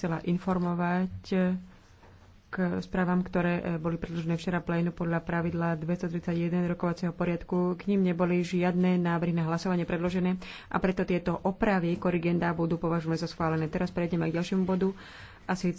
chcela informovať eh, k správam, ktoré eh, boli predložené včera plénu podľa pravidla 231 rokovacieho poriadku. K ním neboli žiadne návrhy na hlasovanie predložené a preto tieto opravy korigenda budú považované za schválené. Teraz prejdeme k ďalšiemu bodu a síce